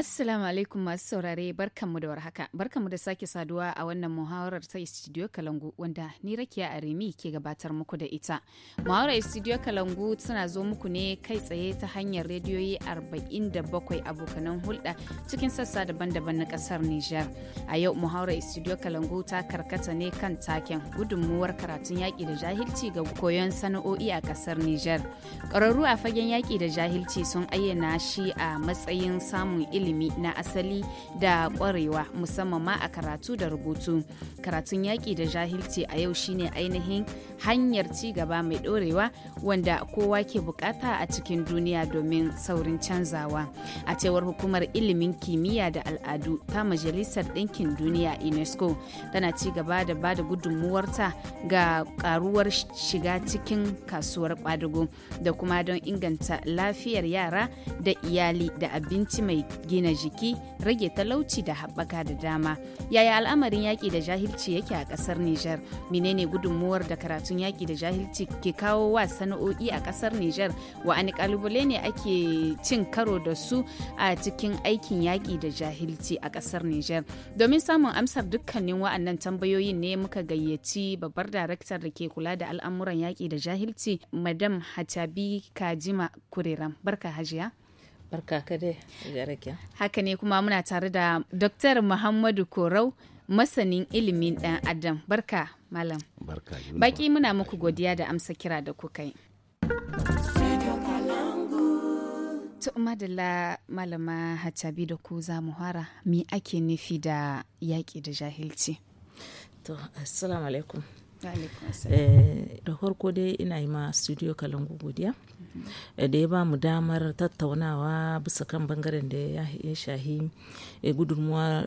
Assalamu alaikum masu saurare barkanmu da warhaka. Barkanmu da sake saduwa a wannan muhawarar ta Studio Kalangu wanda ni Rakiya Arimi ke gabatar muku da ita. Muhawarar Studio Kalangu tana zo muku ne kai tsaye ta hanyar rediyoyi 47 abokanan hulɗa cikin sassa daban-daban na ƙasar Nijar. A yau muhawarar Studio Kalangu ta karkata ne kan taken gudunmuwar karatun yaƙi da jahilci ga koyon sana'o'i a ƙasar Nijar. Ƙwararru a fagen yaƙi da jahilci sun ayyana shi a matsayin samun ilimi ilimi na asali da kwarewa musamman ma a karatu da rubutu karatun yaƙi da jahilci a yau shine ainihin hanyar ci gaba mai ɗorewa wanda kowa ke bukata a cikin duniya domin saurin canzawa a cewar hukumar ilimin kimiyya da al'adu ta majalisar ɗinkin duniya unesco tana ci gaba da ba da gudunmuwarta ga karuwar shiga cikin kasuwar kwadugo da kuma don inganta lafiyar yara da iyali da abinci mai gina na jiki rage talauci da haɓaka da dama yaya al'amarin yaƙi da jahilci yake a ƙasar nijar menene gudunmuwar da karatun yaƙi da jahilci ke kawo wa sana'o'i a ƙasar nijar wa'ani ƙalubale ne ake cin karo da su a cikin aikin yaƙi da jahilci a ƙasar nijar domin samun amsar dukkanin wa'annan tambayoyin ne muka gayyaci babbar daraktar da ke kula da al'amuran yaƙi da jahilci madam hatabi kajima kureram barka hajiya barka haka ne kuma muna tare da dr muhammadu korau masanin ilimin dan adam barka malam barka baki muna muku godiya da amsa kira da kuka yi To madalla malama Hachabi da ku za mu hara me ake nufi da yaƙi da jahilci? To, assalamu alaikum. Eh, da farko dai ina yi ma studio Kalangu godiya da ya ba mu damar tattaunawa bisa kan bangaren da ya shahi E,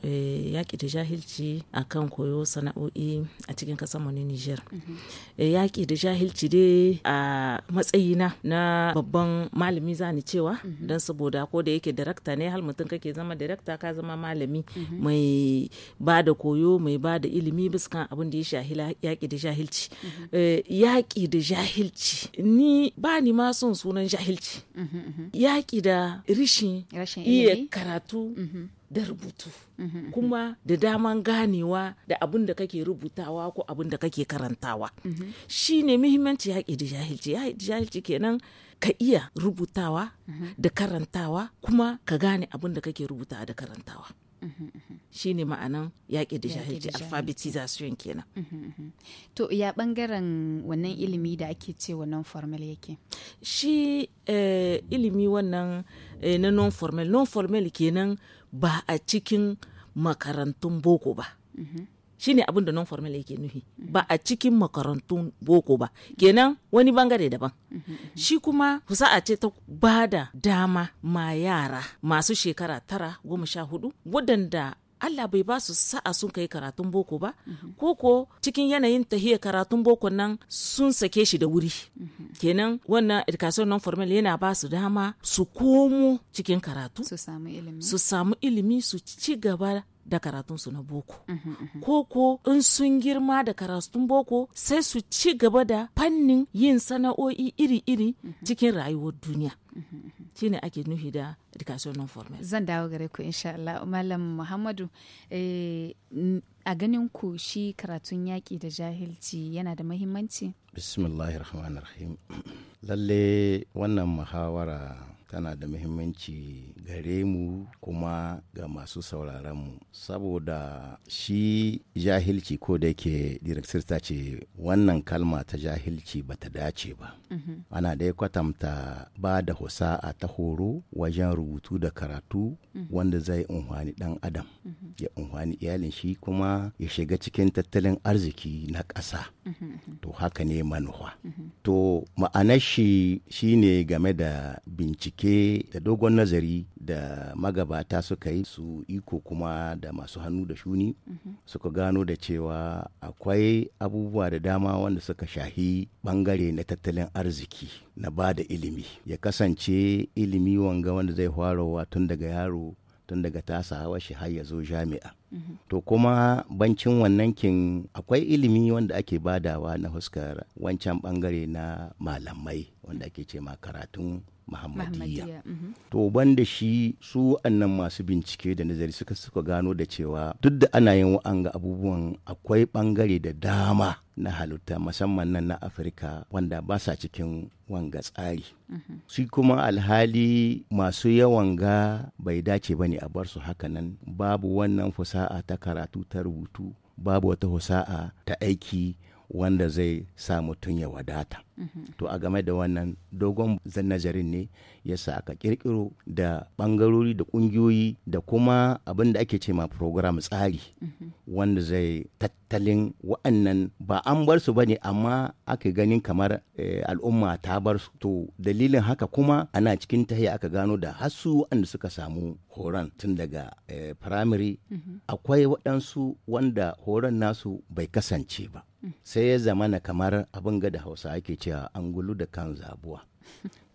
e, yaƙi da jahilci a kan koyo sana'o'i a cikin mu na Nijar. Mhm. E, yaƙi da jahilci dai a matsayina na babban malami zani cewa mhm. don saboda ko da yake darakta ne hal mutum kake zama darakta ka zama malami mhm. mai ba da koyo mai ba da ilimi biskan abin da ya shahi yaƙi da jahilci. E, yaƙi da jahilci ni ba ni ma son sunan jahilci. Yaƙi da rishin iya karatu. da rubutu mhm. kuma da daman ganewa da abin da kake rubutawa ko abin da kake karantawa mhm. shi ne muhimmanci yaƙi da jahilci jahilci kenan ka iya rubutawa mhm. da karantawa kuma ka gane abin da kake rubutawa da karantawa shi ne ma'anan yaƙi da jahilci alfabetization kenan to ya ɓangaren wannan ilimi da ake ce wannan formal yake shi eh, ilimi wannan eh, na non formal non formal kenan ba a cikin makarantun boko ba shi ne abin da non formal yake nuhi ba a cikin makarantun boko ba kenan wani bangare daban shi kuma sa'a ce ta ba da dama ma yara masu shekara tara goma sha hudu waɗanda Allah bai ba su sa'a sun kai karatun boko ba ko ko cikin yanayin tahiyar karatun boko nan sun sake shi da wuri kenan wannan education non formal yana ba su dama su komo cikin karatu su samu ilimi su ci gaba da karatunsu na boko ko ko in sun girma da karatun boko sai su ci gaba da fannin yin sana'o'i iri-iri cikin rayuwar duniya shi ne ake nuhi da education non formal zan dawo gare ku insha Allah malam Muhammadu eh, a ganin ku shi karatun yaƙi da jahilci yana da muhimmanci. bismillahirrahmanirrahim lalle wannan muhawara tana da muhimmanci gare mu kuma ga masu mu saboda shi jahilci ko da yake director ta ce wannan kalma ta jahilci ba ta dace ba mhm. ana dai kwatamta ba da husa a ta horo wajen rubutu da karatu mhm. wanda zai unhwani dan adam mhm. ya unhwani iyalin shi kuma ya shiga cikin tattalin arziki na ƙasa to haka ne manuwa to ma'anar shi shine game da bincike bincike da dogon nazari da magabata suka yi su iko kuma da masu hannu da shuni mhm. suka gano da cewa akwai abubuwa da dama wanda suka shahi bangare na tattalin arziki na ba da ilimi ya kasance ilimi wanga wanda zai farawa tun daga yaro tun daga tasa hawa shi har ya zo jami'a mhm. to kuma bancin wannan kin akwai ilimi wanda ake badawa na huskar wancan bangare na malamai wanda ake ce ma karatun Muhammadiyya. Mhm. To banda shi su annan masu bincike da nazari suka suka gano da cewa duk da ana yin wa'anga abubuwan akwai bangare da dama na halitta musamman nan na Afirka wanda ba sa cikin wanga tsari. Mhm. Su kuma alhali masu yawan ga bai dace ba ne a bar su nan babu wannan fusa'a ta karatu ta rubutu babu wata fusa'a ta aiki wanda zai sa mutum ya wadata. to a game da wannan dogon nazarin ne yasa aka kirkiro da bangarori da kungiyoyi da kuma abin da ake ce ma program tsari wanda zai tattalin wa'annan ba an bar su ba ne amma aka ganin kamar eh, al'umma ta bar su to dalilin haka kuma ana cikin tahiya aka gano da hasu wanda suka samu horon tun daga firamare eh, akwai waɗansu wanda horon nasu bai kasance ba sai ya zamana kamar abin ga da hausa ake cewa angulu da kan zabuwa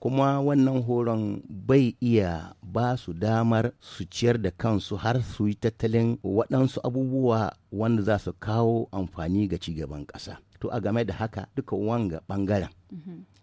kuma wannan horon bai iya ba su damar su ciyar da kansu har su yi tattalin waɗansu abubuwa wanda za su kawo amfani ga cigaban ƙasa to a game da haka duka wanga ɓangaren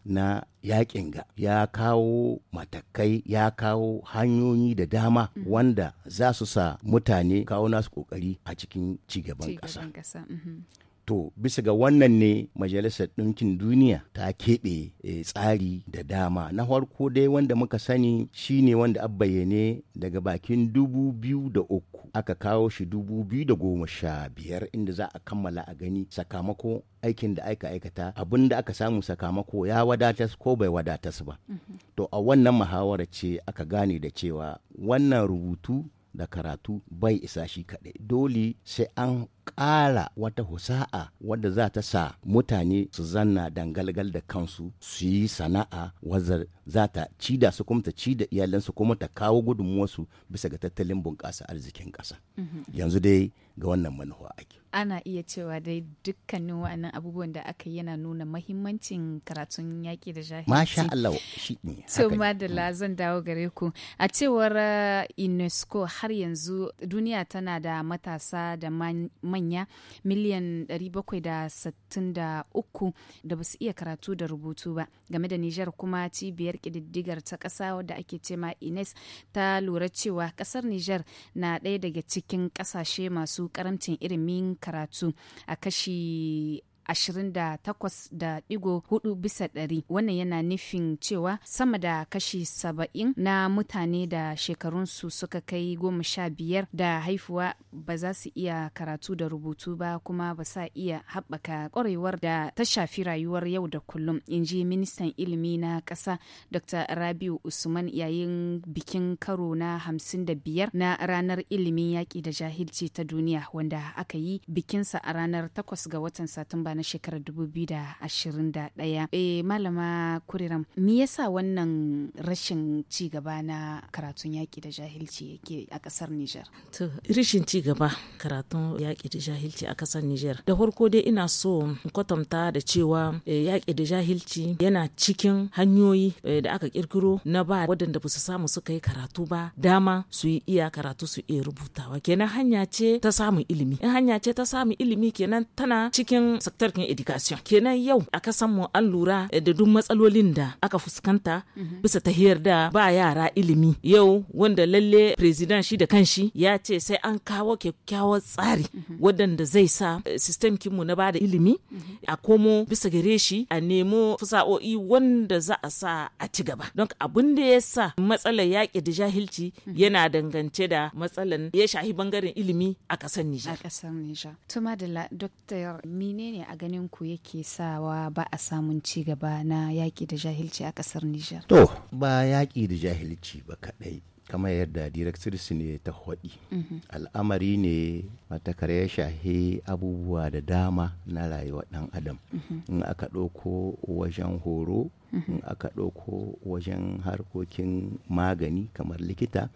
na yakin ga ya kawo matakai ya kawo hanyoyi da dama wanda za su sa mutane kawo nasu ƙoƙari a cikin cigaban ƙasa mhm. To bisa ga wannan ne Majalisar Ɗinkin Duniya ta keɓe eh, tsari da dama. Na farko dai wanda muka sani shine wanda a bayyane daga bakin dubu biyu da uku aka kawo shi dubu biyu da goma sha biyar inda za a kammala a gani sakamako aikin da aika aikata abin da aka samu sakamako ya wadatas ko bai wadatas ba. Mhm. To a wannan muhawara ce aka gane da cewa wannan rubutu da karatu bai isa shi kaɗai dole sai an ƙara wata husa'a wadda za ta sa mutane su zanna dangalgal da kansu su yi sana'a wadda za ta ci da su kuma ta ci da iyalansu kuma ta kawo gudunmuwarsu bisa ga tattalin bunƙasa arzikin ƙasa mhm. yanzu dai ga wannan manufa ake ana iya cewa dai dukkanin wa'annan abubuwan da aka yana nuna mahimmancin karatun yaƙi da jahilci. Masha Allah shi ne. So la mm. zan dawo gare ku. A cewar uh, UNESCO har yanzu duniya tana da matasa da manya miliyan 763 da basu basu iya karatu da rubutu ba. Game da Nijar kuma cibiyar ƙididdigar ta ƙasa da ake ce ma Ines ta lura cewa ƙasar Nijar na ɗaya daga cikin ƙasashe masu ƙaramcin ilimin karatu a kashi 28.4 bisa ɗari wannan yana nufin cewa sama da kashi 70 na mutane da shekarunsu suka kai goma sha biyar da haifuwa ba za su iya karatu da rubutu ba kuma ba sa iya haɓaka ƙwarewar da ta shafi rayuwar yau da kullum in ji ministan ilimi na ƙasa dr rabiu usman yayin bikin karo na 55 na ranar ilimin yaƙi da jahilci ta duniya wanda aka yi bikinsa a ranar 8 ga watan satumba na shekarar 2021 eh malama kuriram me yasa wannan rashin ci gaba na karatun yaƙi da jahilci yake a ƙasar niger. to rashin ci gaba karatun yaƙi da jahilci a ƙasar niger da farko dai ina so in kwatanta da cewa eh, yaƙi da jahilci yana cikin hanyoyi eh, da aka kirkiro na ba waɗanda ba su samu suka yi karatu ba dama su yi iya karatu su iya rubutawa kenan hanya ce ta samun ilimi in hanya ce ta samun ilimi kenan tana cikin sakta tarkin education kenan yau a kasan mu an lura da duk matsalolin da aka fuskanta mhm. bisa ta da ba yara ilimi yau wanda lalle president shi da kanshi ya ce sai an kawo kyakkyawar tsari mhm. wadanda zai sa eh, system kinmu na bada ilimi mhm. a komo bisa gare shi a nemo fusa'o'i wanda za a sa a ci gaba don abin da ya sa matsalar yaƙi da jahilci yana dangance da matsalar ya shahi bangaren ilimi a ƙasar Nijar. A ƙasar Nijar. Tuma da Dr. menene ganin ku yake sawa ba a samun ci gaba na yaƙi da jahilci a ƙasar Nijar? To, ba yaƙi da jahilci ba kaɗai. kamar yadda su ne ta haɗi mhm. al'amari ne matakar ya shahi abubuwa da dama na rayuwa ɗan adam mhm. in aka ɗauko wajen horo in aka ɗauko wajen harkokin magani kamar likita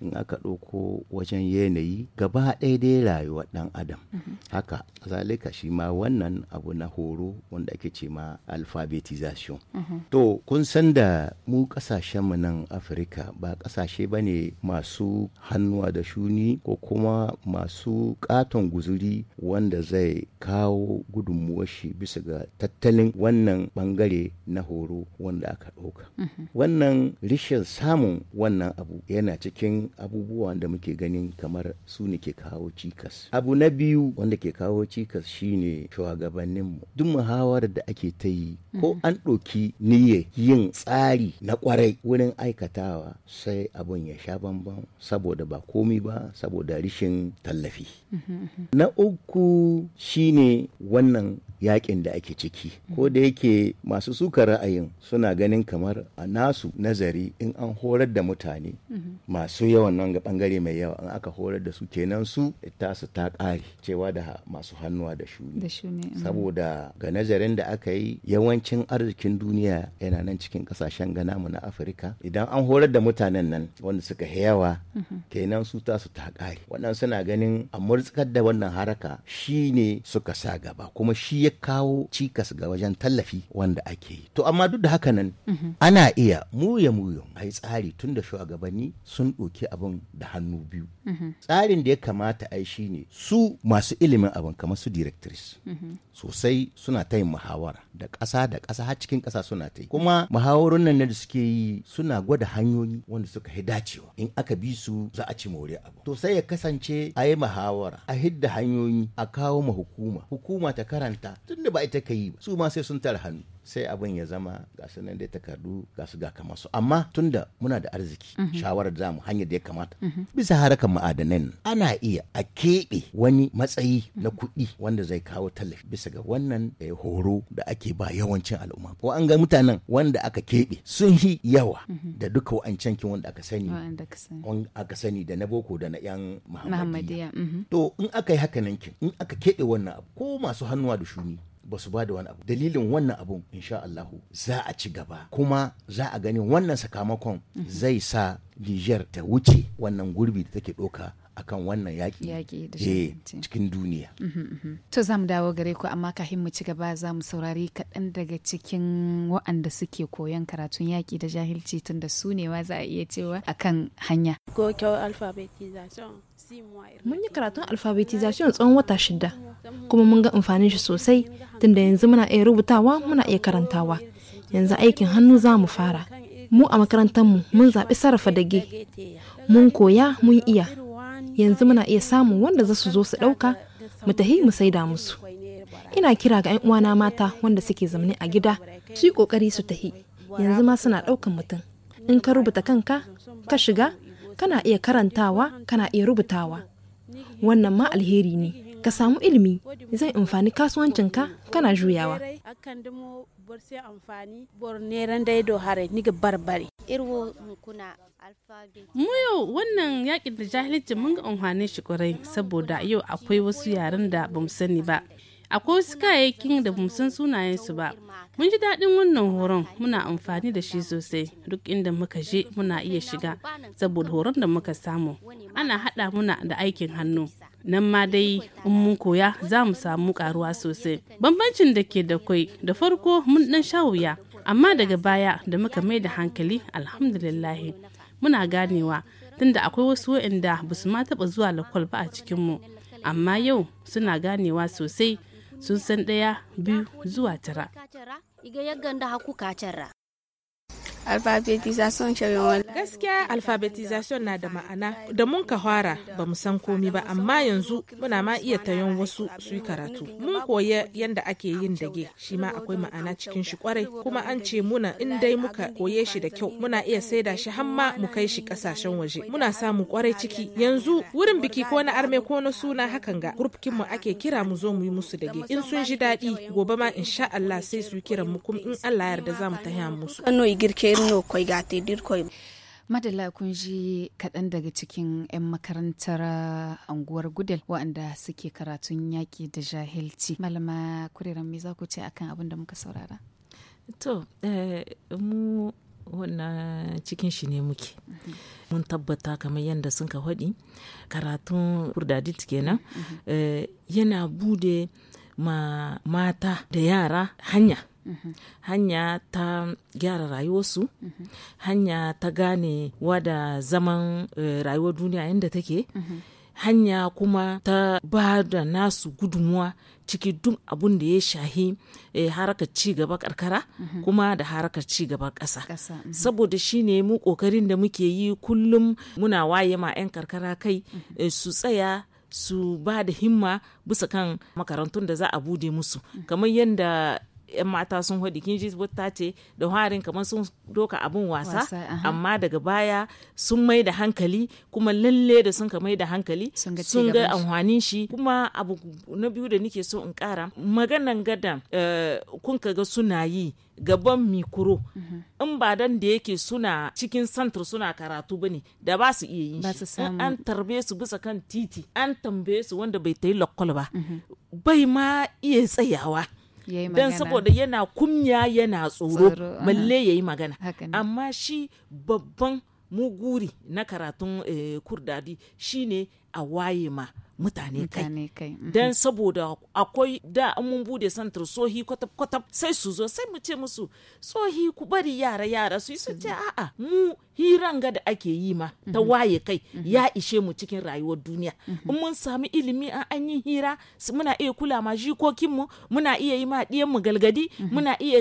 in aka ɗauko wajen yanayi gaba ɗaya dai rayuwar ɗan adam haka zalika shi ma wannan abu na horo wanda ake ce ma alfabetization to kun san da mu mu nan afirka ba ƙasashe ba ne masu hannuwa da shuni ko kuma masu ƙaton guzuri wanda zai kawo gudunmuwar shi bisa ga tattalin wannan bangare na horo wanda aka ɗauka mhm. wannan rishin samun wannan abu yana cikin abubuwan da muke ganin kamar su ne ke kawo cikas abu na biyu wanda ke kawo cikas shi shine shugabanninmu duk muhawarar da ake ta yi ko mhm. an ɗauki niyya yin tsari na kwarai wurin aikatawa sai abun ya sha bambam saboda ba komi ba saboda rishin tallafi mhm, na uku shi ne wannan yakin da ake ciki ko da yake masu suka ra'ayin ɗin suna ganin kamar a nasu nazari in an horar da mutane mhm. masu yawan nan ga bangare mai yawa in aka horar da su kenan su su ta ƙare cewa da masu hannuwa da shuni mhm. saboda ga nazarin da aka yi yawancin arzikin duniya yana nan cikin kasashen gana mu na afirka idan an horar da mutanen nan wanda suka yawa mhm. kenan su ta su ta ƙare waɗansu suna ganin a murtsukar da wannan haraka shi ne suka sa gaba kuma shi ya kawo cikas ga wajen tallafi wanda ake yi to amma duk da haka nan mhm. ana iya muya muyon ai tsari tun da shugabanni sun ɗoki abin da hannu biyu mhm. tsarin da ya kamata ai ne su masu ilimin abin kamar su directors mhm. sosai suna ta yin muhawara da ƙasa da ƙasa har cikin ƙasa suna ta yi kuma muhawarun nan da suke yi suna gwada hanyoyi wanda suka yi dacewa in aka bi su za a ci more abu to sai ya kasance a yi muhawara a hidda hanyoyi a kawo ma hukuma hukuma ta karanta tun da ba ita ka yi ba su ma sai sun tara hannu sai abin ya zama ga su nan dai takardu ga su ga kamar su amma tunda muna da arziki mm -hmm. shawarar zamu hanyar da ya kamata mhm. bisa harakan ma'adanan ana iya a keɓe wani matsayi na mhm. kuɗi wanda zai kawo tallafi bisa ga wannan da ya horo da ake ba yawancin al'umma ko an ga mutanen wanda aka keɓe sun yi yawa mhm. da duka wa'ancan kin wanda aka sani aka sani da na boko da na yan muhammadiya to in aka yi haka nan kin in aka keɓe wannan abu ko masu hannuwa da shuni ba su ba da wani abu dalilin wannan abun insha Allahu za a ci gaba kuma za a gani wannan sakamakon mhm. zai sa Niger ta wuce wannan gurbi da take ɗoka akan wannan yaƙi eh, cikin duniya. Mm-hmm, mm-hmm. To za mu dawo gare ku amma kafin mu ci gaba za mu saurari kaɗan daga cikin waɗanda suke koyon karatun yaƙi da jahilci tun da su ne za a iya cewa akan hanya. Mun yi karatun alfabetization tsawon wata shida kuma mun ga amfanin shi sosai tunda yanzu muna iya rubutawa muna iya karantawa yanzu aikin hannu za mu fara. Mu a makarantar mu mun zaɓi sarrafa dage, mun koya mun iya yanzu muna iya samun wanda za su zo su ɗauka mu tahi mu saida musu ina kira ga 'yan uwana mata wanda suke zamani a gida su yi ƙoƙari su tahi yanzu ma suna ɗaukan mutum in ka rubuta kanka ka shiga kana iya karantawa kana iya rubutawa wannan ma alheri ne ka samu ilimi zai amfani ka kana juyawa yau wannan yakin da jahilci mun ga amfanin shi kwarai saboda yau akwai wasu yaren da bamu sani ba akwai wasu kayayyakin da bamu san sunayen su ba mun ji daɗin wannan horon muna amfani da shi sosai duk inda muka je muna iya shiga saboda horon da muka samu ana haɗa muna da aikin hannu nan ma dai in mun koya za mu samu karuwa sosai bambancin da ke da kwai da farko mun dan sha wuya amma daga baya da muka mai da hankali alhamdulillahi muna ganewa tunda akwai wasu waɗanda ba su ma taɓa zuwa lakwal ba a cikinmu amma yau suna ganewa sosai sun san ɗaya biyu zuwa tara. gaskiya alfabetizasyon na da ma'ana da mun ka fara ba mu san komi ba amma yanzu muna ma iya tayon wasu su karatu mun koya yadda ake yin dage shi ma akwai ma'ana cikin shi kwarai kuma an ce muna in dai muka koye shi da kyau muna iya saida shi hamma mu kai shi kasashen waje muna samu kwarai ciki yanzu wurin biki ko na arme ko na suna hakan ga gurfkin mu ake kira mu zo mu yi musu dage in sun ji daɗi gobe ma insha Allah sai su kiran mu kuma in Allah yarda za mu taya musu. girke no kwai ga dir madalla kun ji kaɗan daga cikin 'yan makarantar anguwar uh, gudel waɗanda suke karatun yaƙi da jahilci malama kuriran me za ku ce akan abin da muka saurara to eh, mu wannan cikin shi ne muke mhm. mun tabbata kamar yadda sun ka faɗi karatun kurdadit kenan mhm. eh, yana bude ma mata da yara hanya hanya ta gyara rayuwarsu hanya ta gane wada zaman eh, rayuwar duniya yadda take hanya kuma ta ba da nasu gudunmuwa ciki duk abun da ya shahi e, eh, harakar ci gaba karkara mm -hmm. kuma da harakar ci gaba ƙasa mm -hmm. saboda shine mu kokarin da muke yi kullum muna waye ma 'yan karkara kai mm -hmm. e, su tsaya su ba da himma bisa kan makarantun da za a bude musu kamar yadda yan mata sun hudi kin ji ta ce da harin kamar sun doka abun wasa amma daga baya sun mai da hankali kuma lalle da sun ka mai da hankali sun ga amfanin shi kuma abu na biyu da nike so in kara maganan gadan eh, kun ka ga suna yi gaban mikro mhm. in ba dan da yake suna cikin santar suna karatu bane da ba su iya yin shi an tarbe su bisa kan titi an tambaye su wanda bai ta yi lokol ba mhm. bai ma iya tsayawa don saboda yana kumya yana tsoro malle ya yi magana amma shi babban muguri na karatun eh, kurdadi shine a waye ma mutane kai mm-hmm. don saboda akwai da mun bude santar sohi kwatab-kwatab sai su zo sai mu ce musu sohi ku bari yara yara su yi su ce mm-hmm. a'a mu hiran ga da ake yi ma ta mm-hmm. waye kai ya ishe mu cikin rayuwar duniya in mun sami ilimi an an yi hira muna iya kula ma jikokinmu muna iya yi ma mu galgadi muna iya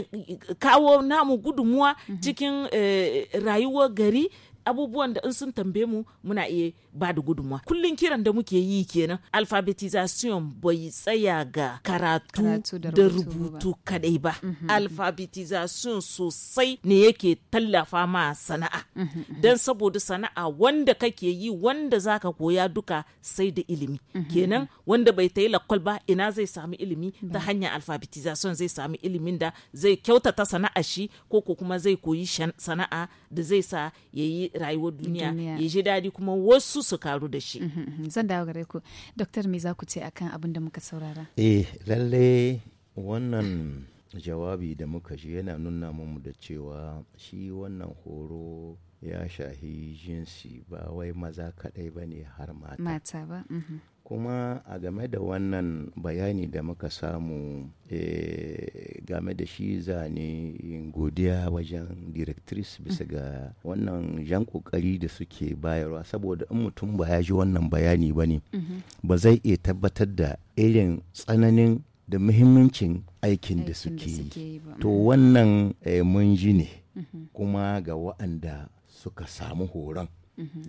kawo namu gudunmuwa cikin eh, rayuwar gari abubuwan da in sun tambaye mu muna iya ba da gudunmawa kullum kiran da muke yi kenan alphabetization bai tsaya ga karatu, karatu da rubutu kadai ba mm sosai ne yake tallafa ma sana'a mhm, mhm. don saboda sana'a wanda kake yi wanda zaka koya duka sai da ilimi kenan wanda bai ta yi lakwal ba ina zai sami ilimi ta hanyar alphabetization zai sami ilimin da zai kyautata sana'a shi ko ko kuma zai koyi sana'a da zai sa ya yi rayuwar duniya ya ji daɗi kuma wasu su karu da shi mhm, mhm. zan dawo gare ku doktor me za ku ce akan abin da muka saurara eh lalle wannan jawabi da muka ji yana nuna mu da cewa shi wannan horo ya shahi jinsi ba wai maza kadai ba ne har mata. Mata ba. Mhm. kuma a game da wannan bayani da muka samu eh, game da shi zane godiya wajen directrice bisa ga wannan jan kokari da suke bayarwa saboda in mutum ba ya ji wannan bayani ba ne mm-hmm. ba zai iya tabbatar da irin tsananin da muhimmancin aikin da suke yi to wannan eh, mun ji ne mm-hmm. kuma ga wa'anda suka samu horon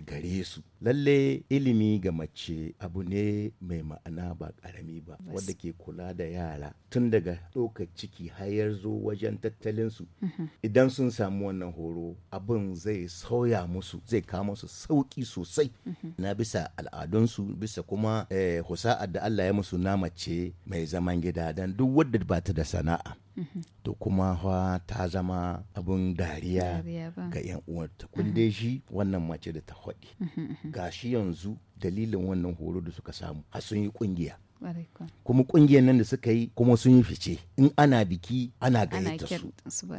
gare su lalle ilimi ga mace abu ne mai ma'ana ba karami ba wadda ke kula da yara tun daga ɗaukar ciki hayar zo wajen tattalinsu mm-hmm. idan sun samu wannan horo abin zai sauya musu zai kama su sauƙi sosai mm-hmm. na bisa al'adunsu bisa kuma eh, husa'ar da allah ya musu na mace mai zaman gida don duk wadda ba ta da sana'a to kuma fa ta zama abin dariya ga 'yan uwarta kun dai shi wannan mace da ta faɗi ga shi yanzu dalilin wannan horo da suka samu A sun yi kungiya kuma kungiyar nan da suka yi kuma sun yi fice in ana biki ana gayyata su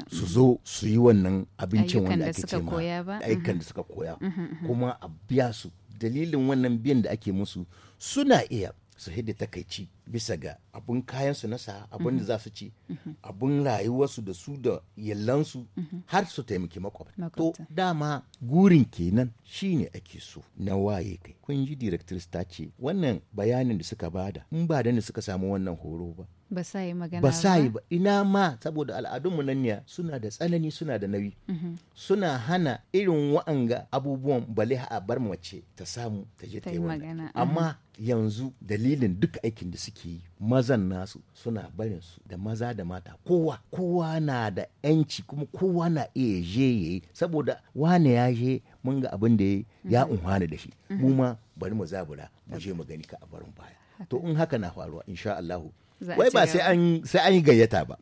su zo su yi wannan abincin wanda ake ce ma aikan da suka koya kuma a biya su dalilin wannan biyan da ake musu suna iya su hidda takaici bisa ga abun kayansu na sa abun da mhm. za su ci mhm. abun rayuwarsu da su da yallansu mhm. har su taimaki makwabta to dama gurin kenan shine ake so na waye kai kun ji directrice ta ce wannan bayanin da suka bada in ba da ni suka samu wannan horo ba ba magana ba sa ba ina ma saboda al'adun nan nanya suna da tsanani suna da nauyi mm-hmm. suna hana irin wa'anga abubuwan bale a bar mace ta samu ta je ta yi magana uh-huh. amma yanzu dalilin duka aikin da suke yi mazan nasu suna barin su da maza da mata kowa kowa na da yanci kuma kowa na iya je ya yi saboda wane ya je mun ga abin da ya mm-hmm. unhana da shi mm-hmm. mu ma bari mu zabura mu je mu gani ka a barin baya to in haka na faruwa insha Allahu wai ba sai an sai an yi gayyata ba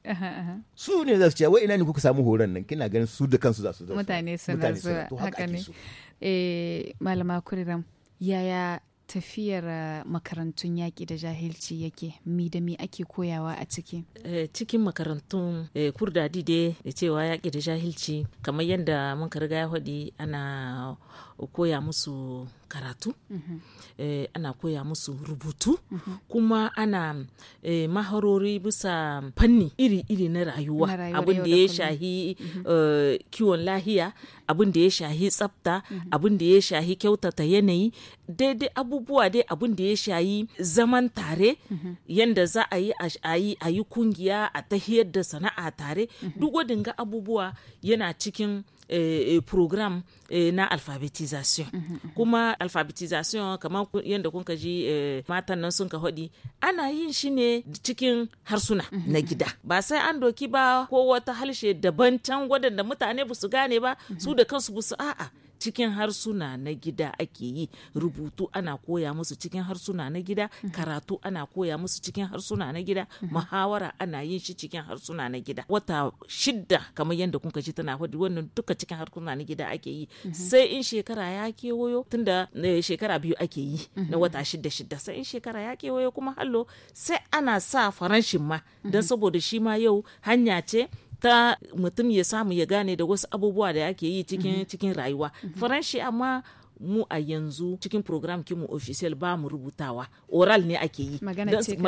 su ne za su ce wai ina ne kuka samu horon nan kina ganin su da kansu za su zo mutane suna zuwa haka ne eh malama kuriram yaya tafiyar eh, makarantun yaƙi da jahilci yake mi da mi ake koyawa a ciki eh, cikin makarantun eh, kurdadi da cewa yaƙi da jahilci kamar yadda mun riga ya faɗi ana koya musu karatu mhm. eh, ana koya musu rubutu mhm. kuma ana eh, maharori bisa fanni iri-iri na rayuwa abin da ya shahi uh, kiwon lahiya abin da ya shahi tsafta abin da ya shahi kyautata yanayi daidai abubuwa dai abin da ya shayi zaman tare yanda za a yi a yi a yi kungiya a tahiyar da sana'a tare duk wadin ga abubuwa yana cikin Eh, eh, program eh, na alphabetization mhm, kuma alphabetization kamar yadda kunka ji eh, matan nan sun ka hodi ana yin shi ne cikin harsuna mhm. na gida ba sai an doki ba ko wata halshe daban can wadanda mutane ba su gane ba su mhm. da kansu busu a'a cikin harsuna na gida ake yi rubutu ana koya musu cikin harsuna na gida karatu ana koya musu cikin harsuna na gida muhawara ana yin shi cikin harsuna na gida wata shidda kamar yadda kuka ji tana hudu wannan duka cikin harsuna na gida ake yi sai in shekara ya kewayo tunda eh, shekara biyu ake yi na wata shidda shidda sai in shekara ya kewayo kuma hallo sai ana sa faranshin ma don saboda shi ma yau hanya ce ta mutum ya samu ya gane da wasu abubuwa da ake yi cikin mhm. cikin rayuwa mhm. faranshi amma mu a yanzu cikin program kimu official ba mu rubutawa oral ne ake yi magana ce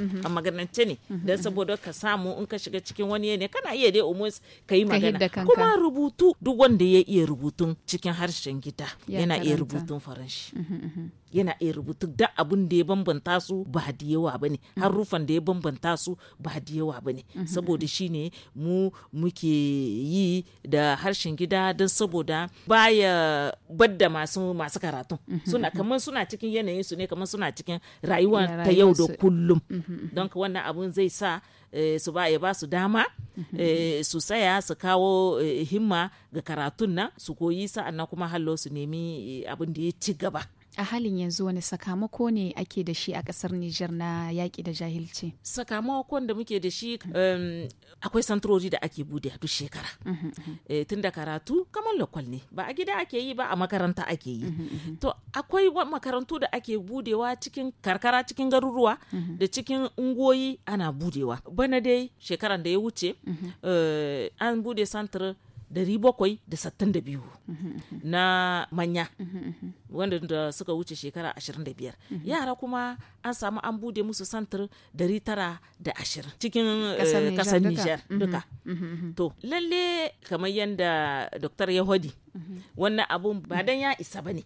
mhm. a ce ne don saboda ka samu in ka shiga cikin wani ne kana iya dai umus ka yi magana kuma rubutu duk wanda ya iya rubutun cikin harshen gida yana iya rubutun faranshi yana iya rubutu da abun da ya bambanta su ba da yawa bane harufan da ya bambanta su ba da yawa bane mhm. saboda shi ne mu muke yi da harshen gida don saboda baya badda masu masu karatu mhm. suna kamar suna cikin yanayin su ne kamar suna cikin rayuwa ta yau da kullum mhm, don ka wannan abun zai sa eh, su ba ya ba su dama eh, su saya su kawo eh, himma ga karatun nan su koyi sa'an nan kuma hallo su nemi abin da ya ci gaba a halin yanzu wani sakamako ne ake da shi a kasar Nijar na yaƙi da jahilci? Sakamakon da muke da shi akwai santurori da ake bude a duk shekara. Eh, Tun da karatu kamar lokal ne ba a gida ake yi ba a makaranta ake yi. To akwai makarantu da ake budewa cikin karkara cikin garuruwa da cikin ungoyi ana budewa. Bana dai shekaran da ya wuce eh, an bude santur 762 na manya wanda da suka wuce shekara 25 yara kuma an samu an bude musu santar 920 cikin kasar eh, nijar duka mhm. Mhm. to lalle kamar yadda dr yahudi mhm. wannan abun ba dan ya isa ba ne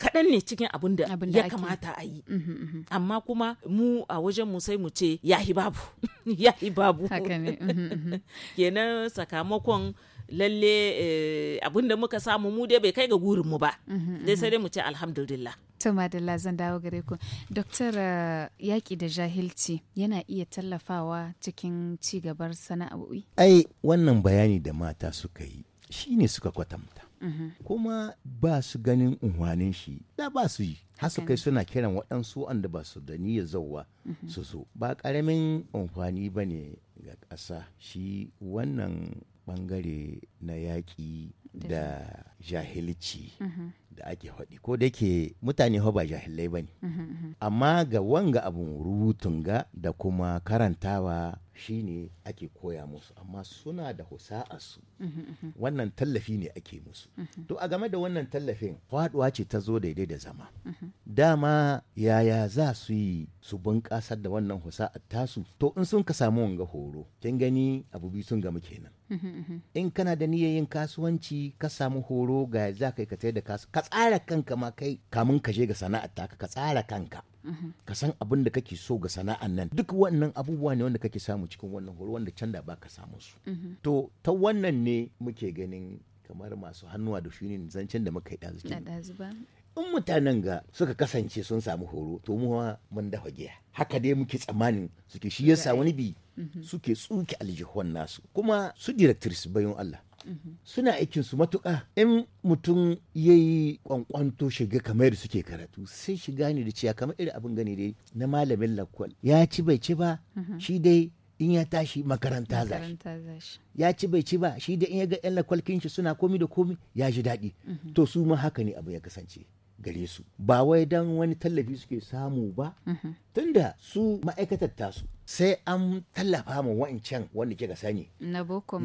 kaɗan ne cikin abun da ya kamata a yi amma kuma mu a wajen mu sai mu ce yahi babu yahi babu kenan sakamakon lalle eh, abin da muka samu mu dai bai kai ga mu ba mhm, dai mhm. sai dai mu ce alhamdulillah to madalla zan dawo gare ku doktor eh, yaƙi da jahilci yana iya tallafawa cikin ci gabar sana'o'i ai wannan bayani da mata suka yi shi ne suka kwatanta mhm. kuma ba su ganin unhwanin shi da ba su yi har kai suna kiran waɗansu wanda ba su da niyyar zauwa su zo ba ƙaramin amfani ba ne ga ƙasa shi wannan bangare na yaƙi da jahilci mm-hmm. da ake haɗi ko da ke mutane ba jahilai ba ne mm-hmm, mm-hmm. amma ga wanga abin rubutun ga da kuma karantawa shine ake koya musu amma suna da su wannan tallafi ne ake musu to a game da wannan tallafin faduwa ce ta zo daidai da zama dama yaya za su yi su bunƙasar da wannan a tasu to in sun ka samu wanga horo kin gani abu biyu sun gama kenan mhm, mhm. in kana da niyyar yin kasuwanci ka samu horo ga za ka yi ka da kasu ka tsara kanka ma kai kamun ka je ga sana'ar taka ka tsara kanka mhm. ka san abin da kake so ga sana'an nan duk wannan abubuwa ne wanda kake samu cikin wannan horo wanda can ba baka samu su to ta wannan ne muke ganin kamar masu hannuwa da shi ne zancen da muka yi ɗazu in mutanen ga suka kasance sun samu horo to mu mun dafa giya haka dai muke tsammanin suke shi yasa wani bi mhm. suke tsuke aljihon nasu kuma su directors bayan Allah mhm. suna aikin su matuƙa in mutum ya yi kwankwanto shiga kamar yadda suke karatu sai shiga ne da ciya kamar irin abin gani dai na malamin lakwal ya ci bai ci ba mhm. shi dai in ya tashi makaranta shi. ya ci bai ci ba shi dai in ya ga yan lakwalkin shi suna komi da komi ya ji daɗi to su ma haka ne abu ya kasance gare su ba wai dan wani tallafi suke samu ba mhm. tunda su ma'aikatar tasu sai an tallafa ma wancan wanda kika sani na boko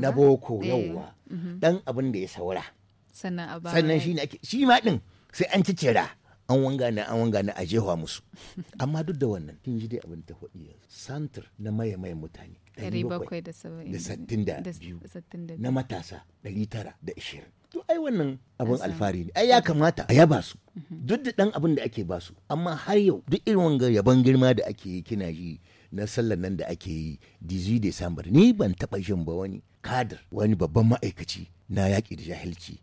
eh. yauwa mhm. dan abin da ya saura sannan shi ne shi ma din sai an cicira an wanga na an wanga na a jefa musu amma duk da wannan kin ji dai abin ta ya santir na maye maye mutane 772 na matasa 920 to ai wannan abin alfahari ne ai ya kamata a yaba su duk da dan abin da ake ba su amma har yau duk irin wanga yaban girma da ake yi kina yi na sallar nan da ake yi dizi december ni ban taba jin ba wani kadir wani babban ma'aikaci na yaƙi da jahilci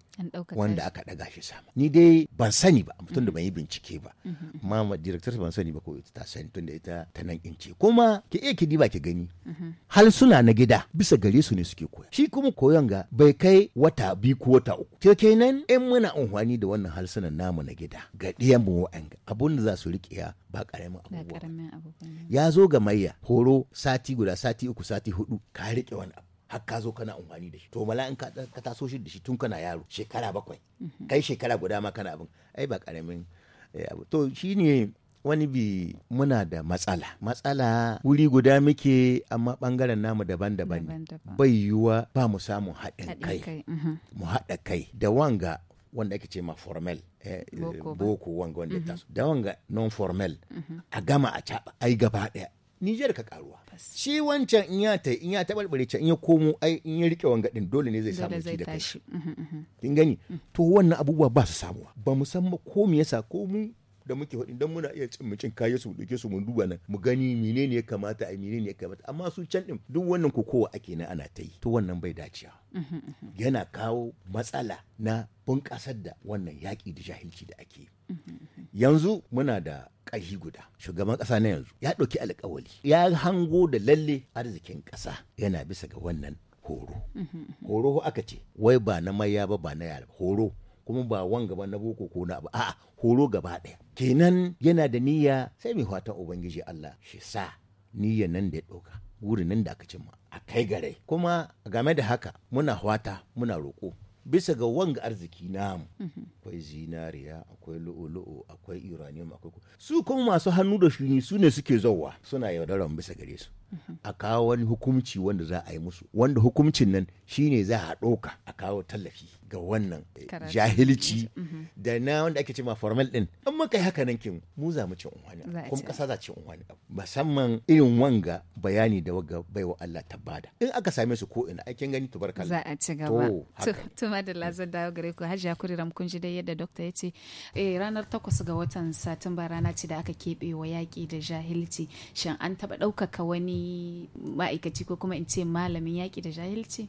wanda aka ɗaga shi sama ni dai ban sani ba mutum da mm-hmm. ban yi bincike ba mm-hmm. ma director ban sani ba ko ita ta sani da ita ta nan in ce kuma ki iya ki diba ki gani mm-hmm. hal suna na gida bisa gare su ne suke koya shi kuma koyon ga bai kai wata biyu ko wata uku ke kenan in muna amfani da wannan halsunan namu na gida ga ɗiyan mu wa'anga abun da za su riƙe ya ba ƙaramin abubuwa ya zo ga mayya horo sati guda sati uku sati hudu ka riƙe wani abu har ka zo kana amfani da shi to mala'in ka taso shi da shi tun kana yaro shekara bakwai kai shekara guda ma kana abin ai ba karamin eh, to to shine wani bi muna da matsala matsala wuri guda muke amma bangaren namu daban-daban bai yiwuwa ba mu samun haɗin kai mhm. mu haɗa kai da wanga wanda ake ce ma formal eh, boko, wanga wanda mhm. ta da wanga non formal mhm. a gama a caɓa ai gaba ɗaya Nijar ka karuwa. Shi wancan in ya ta in ya taɓarɓare can in ya komo ai in ya rike wangaɗin dole ne zai samu ci da kai. Mhm, mhm. Kin gani? Mm. To wannan abubuwa ba su samuwa. Ba mu san ko me yasa ko mu da muke faɗi dan muna iya cin mucin kayi su dauke su mun duba nan mu gani menene ya kamata a menene ya kamata amma su can din duk wannan kokowa ake na ana ta yi to wannan bai dacewa yana kawo matsala na bunƙasar da wannan yaƙi da jahilci da ake yanzu muna da ƙarfi guda shugaban ƙasa na yanzu ya ɗauki alƙawali ya hango da lalle arzikin ƙasa yana bisa ga wannan horo horo aka ce wai ba na maya ba ba na yara horo kuma ba wan gaba na boko ko na ba a'a horo gaba ɗaya kenan yana da niyya sai mai fatan ubangiji Allah shi sa niyya nan da ya ɗauka wuri nan da aka cimma a kai gare kuma game da haka muna hwata muna roƙo bisa ga wanga arziki mu mhm. akwai zinariya akwai lu'ulu'u akwai uranium akwai su kuma masu hannu da shuni su ne suke zauwa suna yaudaran bisa gare su mhm. a kawo wani hukumci wanda za a yi musu wanda hukumcin nan shine za a ɗauka a kawo tallafi ga wannan eh, jahilci mm-hmm. da na wanda ake cewa formal din an muka yi haka nan mu za mu ci unwani kuma kasa za ci unwani musamman irin wanga bayani da waga baiwa Allah tabbada in aka same su ko ina aikin gani tubarkala za a ci gaba to madalla zan dawo gare ku hajiya kuriram kun ji dai yadda dokta ya ce eh, ranar takwas ga watan satumba rana ce da aka keɓe wa yaƙi da jahilci shin an taɓa ɗaukaka wani ma'aikaci ko kuma in ce malamin yaƙi da jahilci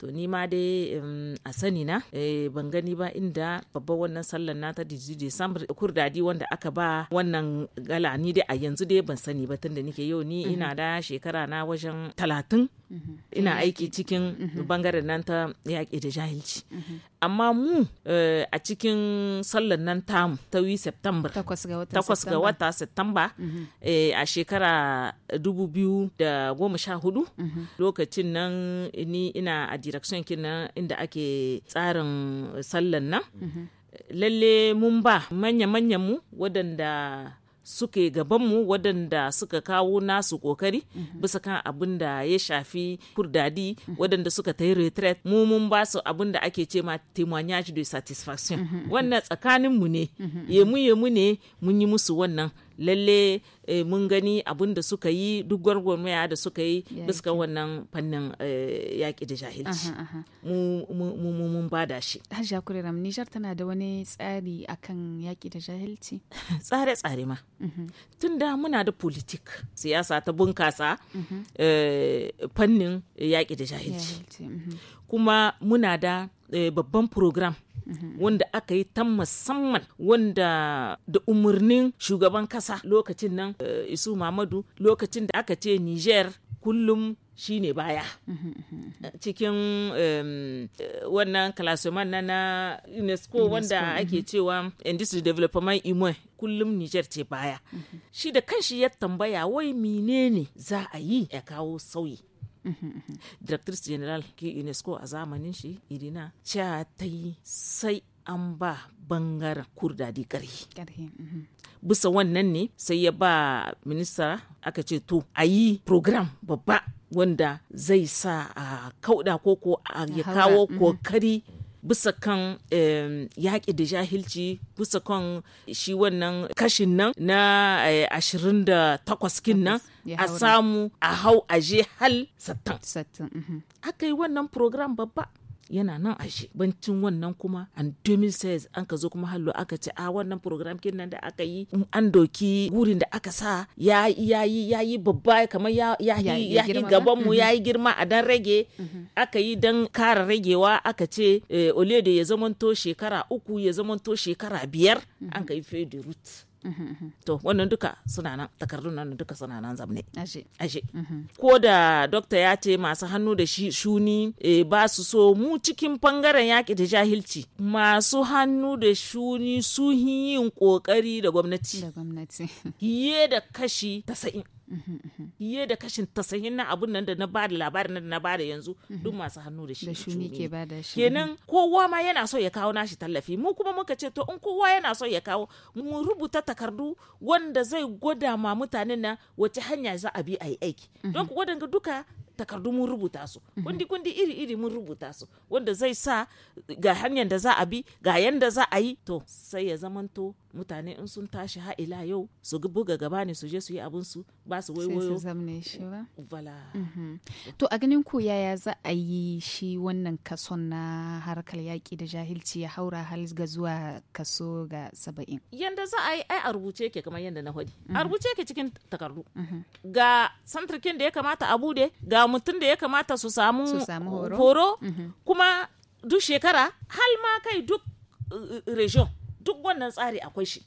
to ni ma dai a sani na eh, ban gani ba inda babban wannan sallar na ta december desambar kurdadi wanda aka ba wannan gala ni dai a yanzu dai ban sani ba tunda nike yau ni mhm. ina da shekara na wajen talatin mhm. ina aiki cikin mhm. bangaren nan ta yaƙi da jahilci amma mu uh, a cikin sallan nan tamu ta wi september takwas ga wata september mm -hmm. e, a shekara 2014 mm -hmm. lokacin nan ni ina a direction kinan inda ake tsarin sallan nan mm lalle mun ba manya manyanmu mu waɗanda suke gabanmu waɗanda suka kawo nasu kokari bisa kan abin da ya shafi kurdadi waɗanda suka ta yi retret mu mun ba su abin da ake ce ma témoignage de satisfaction mhm. wannan tsakaninmu ne yemu yemu ne mun yi musu wannan lalle eh, mun gani abin da suka yi duk gwargwarmaya da suka yi bisa wannan fannin eh, yaƙi da jahilci mu mun bada shi hajiya kuriram nijar tana da wani tsari akan yaƙi da jahilci tsare-tsare ma mhm. tun da muna da politik siyasa ta bunkasa mhm. eh, fannin yaƙi da jahilci mhm. kuma muna da babban program wanda aka yi ta musamman wanda da umarnin shugaban kasa lokacin nan eh, isu mamadu lokacin da aka ce niger kullum shi ne baya cikin eh, wannan kalasuman na na unesco wanda ake cewa industry development imo kullum niger ce baya shi da kanshi ya tambaya wai menene za a yi ya kawo sauyi director general ke unesco a zamanin shi irina ca ta yi sai an ba bangaren kurdadi karhi mhm. Bisa wannan ne sai ya ba minista aka ce to a yi program babba wanda zai sa a kauda koko a ya kawo mhm. kokari mm bisa kan yaƙi da jahilci bisa kan shi wannan kashin nan na eh, ashirin da takwas kin nan a samu a hau a je hal sattan mhm. aka yi wannan program babba yana nan ashe bancin wannan kuma an 2006 an ka zo kuma hallo aka ce a ah, wannan program kin nan da aka yi an doki gurin da aka sa ya yi ya yi babba kamar ya yi gaban mu ya yi mm-hmm. girma a dan rage mm-hmm. aka yi dan kara ragewa aka ce eh, olede ya zamanto shekara uku ya zamanto shekara biyar mm-hmm. an ka yi route to wannan duka suna nan takardun nan duka suna nan zamne ashe mhm. ko da dokta ya ce masu hannu da shi shuni e, ba su so mu cikin bangaren yaƙi da jahilci masu hannu da shuni sun yin ƙoƙari da gwamnati da gwamnati da kashi tasa'in fiye da kashin tasahin na abun nan da na ba da labarin nan da na ba da yanzu duk masu hannu da shi ne ke ba da shi kenan kowa ma yana so ya kawo nashi tallafi mu kuma muka ce to in kowa yana so ya kawo mu rubuta takardu wanda zai gwada ma mutanen na wace hanya za a bi a yi aiki mhm. don ku wadanga duka takardu mun rubuta su mhm. kundi kundi iri iri mun rubuta su wanda zai sa ga hanyar da za a bi ga yanda za a yi to sai ya zamanto mutane in sun tashi ha'ila yau su buga gaba ne su je su yi su ba su waiwayo bala mhm. to a ganin ku yaya za a yi shi wannan kaso na harkar yaƙi da jahilci ya haura hal ga zuwa kaso ga saba'in yanda za a yi ai a rubuce ke kamar yanda na hodi a mhm. rubuce ke cikin takardu mhm. ga santarkin da ya kamata abu de ga mutum da ya kamata su samu horo kuma duk shekara hal ma kai duk eh, eh, region duk wannan tsari akwai shi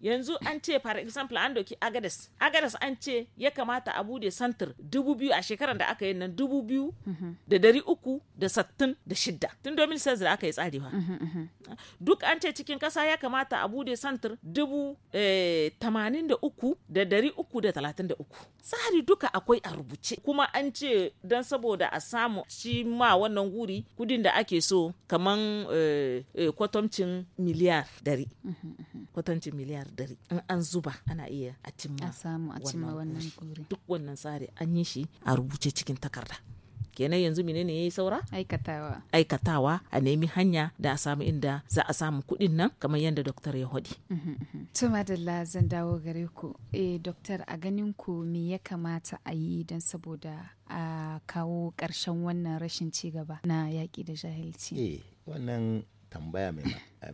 yanzu an ce for example an doki agadas agadas an ce ya kamata a bude santir dubu biyu a shekarar da aka yi nan dubu biyu da dari uku da sattin da shidda tun domin sai da aka yi tsarewa duk an ce cikin kasa ya kamata a bude santir dubu eh, tamanin da uku da dari uku da talatin da uku tsari duka akwai a rubuce kuma an ce don saboda a samu shi ma wannan guri kudin da ake so kaman eh, eh, kwatancin miliyar dari miliyar dari in an zuba ana iya a cimma wannan duk wannan tsari an yi shi a rubuce cikin takarda kenan yanzu menene yi saura aikatawa aikatawa a nemi hanya da a samu inda za a samu kuɗin nan kamar yadda doktor ya hodi mhm, mhm. tuma da zan dawo gare ku eh doktor a ganin ku me ya kamata a yi don saboda a kawo ƙarshen wannan rashin cigaba na yaƙi da jahilci eh wannan tambaya eh,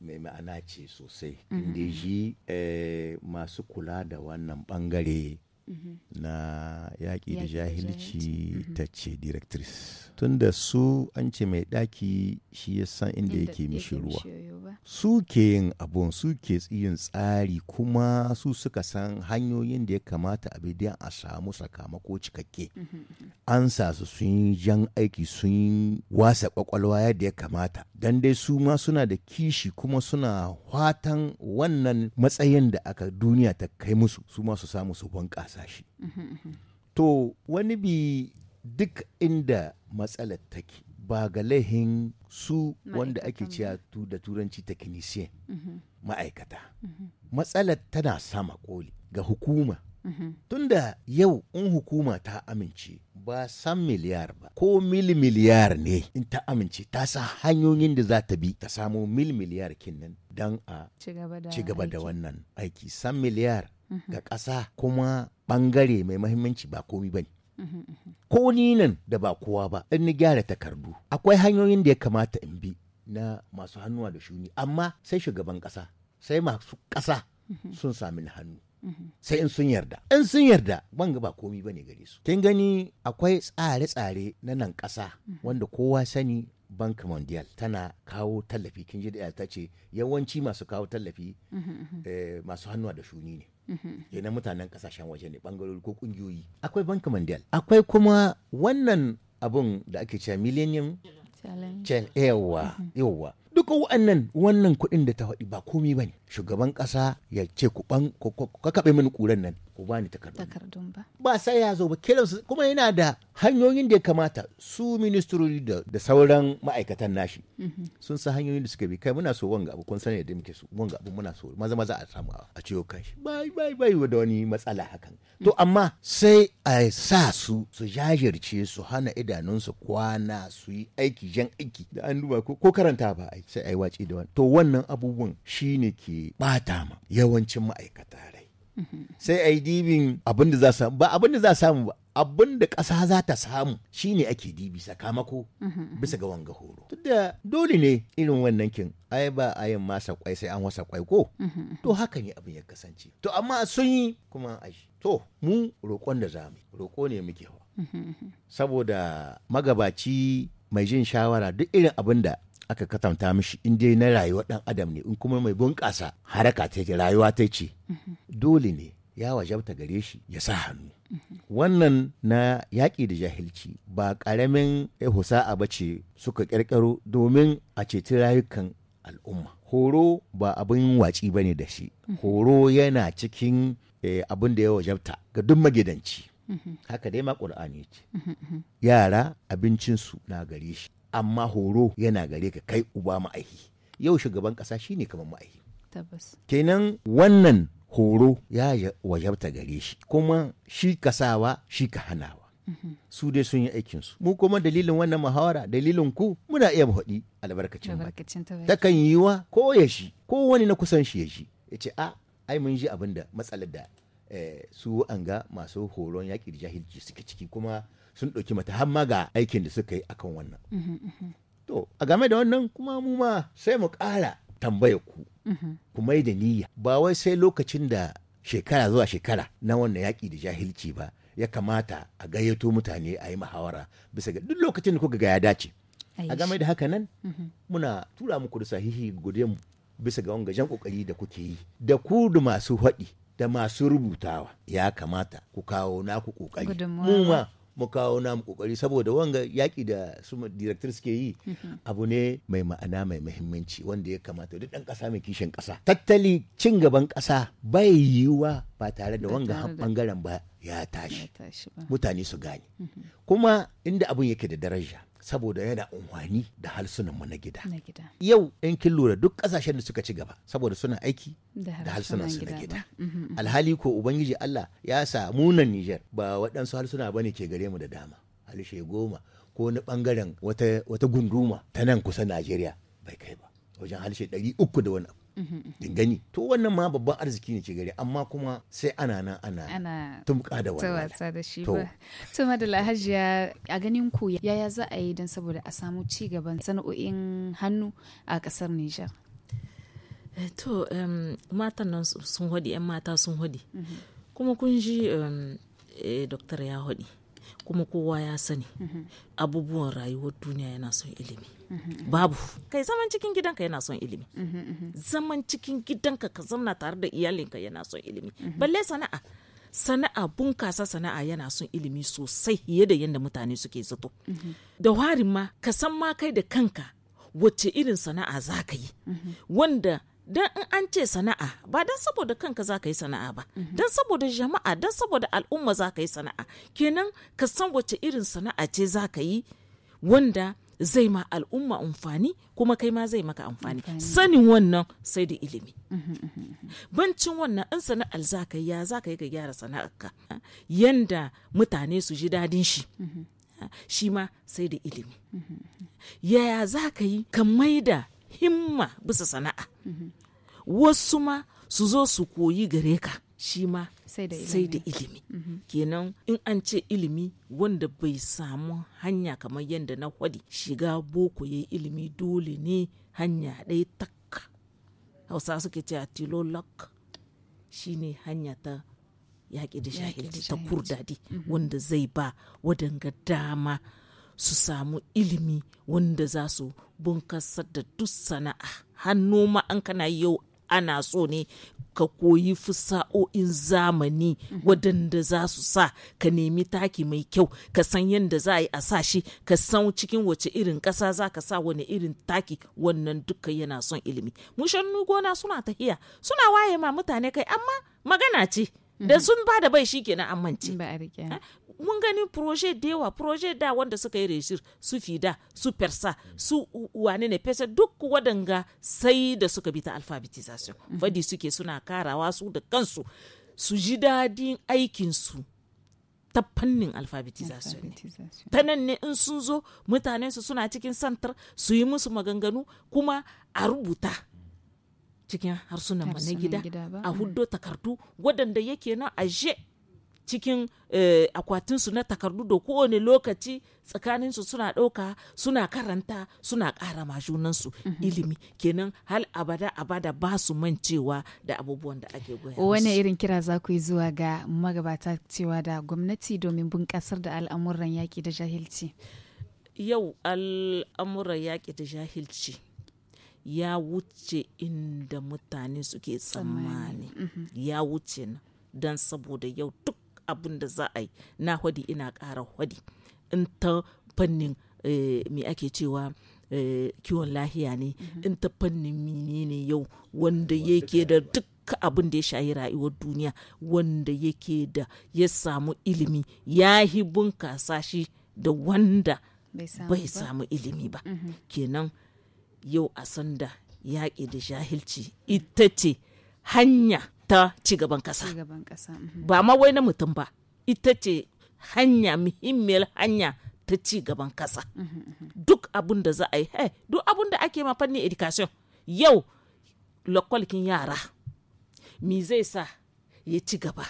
mai ma'ana ce sosai mm-hmm. inda shi eh, masu kula da wannan bangare na yaƙi da jahilci ta mhm. ce directrice tunda su an ce mai ɗaki shi ya san inda yake mishi ruwa su ke yin abun su ke tsiyin tsari kuma su suka san hanyoyin da ya kamata a bidiyan a samu sakamako cikakke mhm, mhm. an sa su sun jan aiki sun wasa kwakwalwa yadda ya kamata dan dai su ma suna da kishi kuma suna fatan wannan matsayin da aka duniya ta kai musu su ma su samu su bunƙasa bunƙasa shi mhm, mhm. to wani bi duk inda matsalar take ba ga laihin su wanda ake cewa da turanci technician mhm. ma'aikata matsalar tana sama koli ga hukuma tunda yau in hukuma ta amince ba san miliyar ba ko mil miliyar ne in ta amince ta sa hanyoyin da za ta bi ta samo mil miliyar kinnan don a ci gaba da wannan aiki san miliyar ga mm-hmm. ƙasa kuma bangare mai mahimmanci ba komi ba ne. Mm-hmm, mm-hmm. Ko ni nan da ba kowa ba in ni gyara takardu akwai hanyoyin da ya kamata in bi na masu hannuwa da shuni amma sai shugaban ƙasa sai masu ƙasa sun sami hannu. sai in sun yarda in sun yarda ga ba komi ba ne gare su kin gani akwai tsare-tsare na nan ƙasa wanda kowa sani bank mondial tana kawo tallafi kin ji da ta ce yawanci masu kawo tallafi eh, masu hannuwa da shuni ne Mm-hmm. na mutanen kasashen waje ne bangarori ko kungiyoyi akwai bank mondial akwai kuma wannan abun da ake cewa millennium challenge yawa mm-hmm. yawa duka wa'annan wannan kuɗin da ta faɗi ba komi ba bane shugaban ƙasa ya ce ku ban ku kaɓe mini ƙuran nan ku bani takardun ba ba sai ya zo ba kelan kuma yana da hanyoyin da ya kamata su ministrori da sauran ma'aikatan nashi mhm. sun san hanyoyin da suka bi kai muna so wanga abu kun san yadda muke so wanga abu muna so maza maza a samu a ciwo kan bai bai bai da wani matsala hakan to mhm. amma sai a sa su su jajirce su hana idanunsu kwana su yi aiki jan aiki da an duba ko karanta ba ai sai ai waci da wani to wannan abubuwan shine ke bata ma yawancin ma'aikata sai a yi dibin abin da za samu ba abin da za samu ba abin da ƙasa za ta samu shi ne ake dibi sakamako bisa ga wanga horo duk da dole ne irin wannan kin ai ba a yin masa kwai sai an wasa kwai ko to haka ne abin ya kasance to amma sun yi kuma ai to mu roƙon da za mu roƙo ne muke hawa saboda magabaci mai jin shawara duk irin abin da aka katamta mishi in dai na rayuwa dan adam ne in kuma mai bunƙasa haraka ta rayuwa ta ce dole ne ya wajabta gare shi ya sa hannu wannan na yaƙi da jahilci ba ƙaramin Ehusaa ba ce suka ƙirƙiro domin a ceci rayukan al'umma horo ba abin watsi ba ne da shi horo yana cikin eh, abin da ya wajabta ga duk magidanci haka dai ma ƙur'ani ce yara abincinsu na gare shi amma horo yana gare ka kai uba ma'aihi yau shugaban ƙasa shine kamar ma'aihi kenan wannan horo ya wajabta gare shi kuma shi kasawa shi ka hanawa mhm. su dai sun yi aikinsu mu kuma dalilin wannan muhawara dalilin ku muna iya mahaɗi albarkacin ta kan yi wa ko ya shi ko wani na kusan shi ya shi ya ce a ah, ai mun ji abin da matsalar da eh, su an ga masu horon yaƙi da jahilci suke ciki kuma sun ɗauki mata har ma ga aikin da suka yi akan wannan mhm, mhm. to a game da wannan kuma mu ma sai mu ƙara tambaya ku mhm. ku mai da niyya ba wai sai lokacin da shekara zuwa shekara na wannan yaƙi da jahilci ba ya kamata a gayyato mutane a yi muhawara bisa ga duk lokacin da kuka ga ya dace a game da haka nan muna tura muku da sahihi mu bisa ga wangajen ƙoƙari da kuke yi da ku da masu haɗi da masu rubutawa ya kamata ku kawo naku ƙoƙari. mu ma mu kawo namu kokari saboda wanga yaki da su director suke yi mhm. abu ne mai ma'ana mai muhimmanci wanda ya kamata duk dan kasa mai kishin kasa tattali cin gaban kasa bai yiwuwa ba tare da wanga bangaren ba ya tashi mutane su gane mhm. kuma inda abun yake da daraja saboda yana unhwani da harsunanmu na gida. Yau in kin lura duk ƙasashen da suka ci gaba saboda suna aiki da harsunansu na gida. Mm-hmm, mm-hmm. Alhali ko Ubangiji Allah ya samu nan Nijar ba waɗansu harsuna bane ke gare mu da dama. Harshe goma ko na ɓangaren wata gunduma ta nan kusa Najeriya bai kai ba. Wajen harshe ɗari uku da wani abu. in gani to wannan ma babban arziki ne ke gari amma kuma sai ana nan ana tumka da to wasa da shi ba to madalla hajiya a ganin ku yaya za a yi don saboda a samu ci gaban sana'o'in hannu a kasar Nijar eh, to matan nan sun hodi yan mata sun hodi mhm. kuma kun ji eh, doktor ya hodi kuma kowa ya sani mhm. abubuwan rayuwar duniya yana son ilimi babu kai zaman cikin gidanka yana son ilimi zaman cikin gidanka ka zauna tare da iyalinka yana son ilimi balle sana'a sana'a bunkasa sana'a yana son ilimi sosai fiye da yadda mutane suke zato da warin ma ka san ma kai da kanka wacce irin sana'a za ka yi wanda don in an ce sana'a ba don saboda kanka za ka yi sana'a ba don saboda jama'a don saboda al'umma za ka yi sana'a kenan ka san wace irin sana'a ce za ka yi wanda zai ma al'umma amfani kuma kai ma zai maka amfani sanin wannan sai da ilimi bancin wannan in sana'ar za ka ya za ka yi ka gyara sana'arka yanda mutane su ji dadin shi shi ma sai da ilimi yaya za ka yi ka maida himma bisa sana'a wasu ma su zo su koyi gare ka shi ma sai da ilimi mhm. kenan in an ce ilimi wanda bai samu hanya kamar yadda na hwadi shiga boko ya ilimi dole ne hanya ɗaya takka hausa suke ce a tilolak ne hanya ta yaƙi da shahilci ta kurdadi mhm. wanda zai ba wadanga dama su samu ilimi wanda za su bunkasar da duk sana'a hannu ma an kana yau ana so ne ka koyi fusa'o'in zamani waɗanda za su sa ka nemi taki mai kyau ka san yadda za a yi a sa shi ka san cikin wace irin ƙasa za ka sa wani irin taki wannan duka yana son ilimi mushannu gona suna tahiya suna waye ma mutane kai amma magana ce da mhm. sun ba da bai shi kenan an mance mun gani proje da yawa proje da wanda suka yi reshir su fida su persa su wane ne pesa duk wadanga sai da suka bi ta alphabetization mhm. fadi suke suna karawa su da kansu su ji dadin aikinsu ta fannin alfabetization ta nan ne in sun zo mutanensu suna cikin santar su yi musu maganganu kuma a rubuta cikin harsunan mu na gida a mm. huddo takardu wadanda yake nan aje cikin eh, akwatin su na takardu da kowane lokaci tsakanin su suna ɗauka suna karanta suna ƙara ma su mhm. ilimi kenan hal abada abada ba su mancewa da abubuwan da ake goya wani irin kira za ku yi zuwa ga magabata cewa da gwamnati domin bunƙasar da al'amuran yaƙi da jahilci yau al'amuran yaƙi da jahilci ya wuce inda mutane suke tsammani mhm. ya wuce na don saboda yau duk abin da za a yi na hwadi ina ƙara hwadi in ta fannin eh, me ake cewa eh, kiwon lahiya ne mhm. in ta fannin ne yau wanda yake da duk abin da ya shayi rayuwar duniya wanda yake da ya samu ilimi ya hi bunƙasa shi da wanda bai samu ilimi ba mhm. kenan yau a sanda yaƙi da jahilci ita ce hanya ta cigaban ƙasa mhm. ba ma wai na mutum ba ita ce hanya muhimmiyar hanya ta cigaban gaban ƙasa mhm, mhm. duk abin da za a yi duk abin da ake ma fanni education yau lakwalkin yara mi zai sa ya ci gaba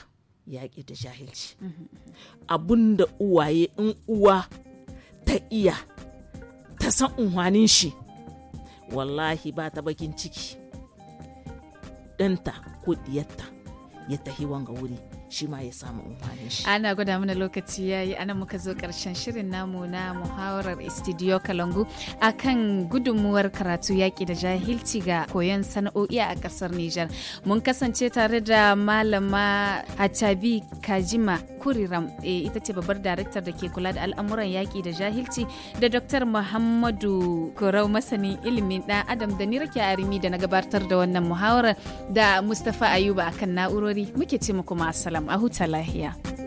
yaƙi da jahilci abin da uwaye in uwa ta iya ta san unhwanin shi wallahi ba ta bakin ciki ɗanta ko ɗiyatta ya tahi wanga wuri shi ma ya samu umarni shi. Ana gwada mana lokaci ya yi ana muka zo ƙarshen shirin namu na muhawarar Istidiyo Kalangu a kan gudunmuwar karatu yaƙi da jahilci ga koyon sana'o'i a ƙasar Nijar. Mun kasance tare da malama Hachabi Kajima kuriram eh, ita ce babbar daraktar da ke kula da al'amuran yaƙi da jahilci da dr muhammadu kurau masanin ilimin ɗan adam da ni nirke arimi da na gabatar da wannan muhawarar da mustapha ayuba akan na'urori muke ce muku ma a huta lahiya.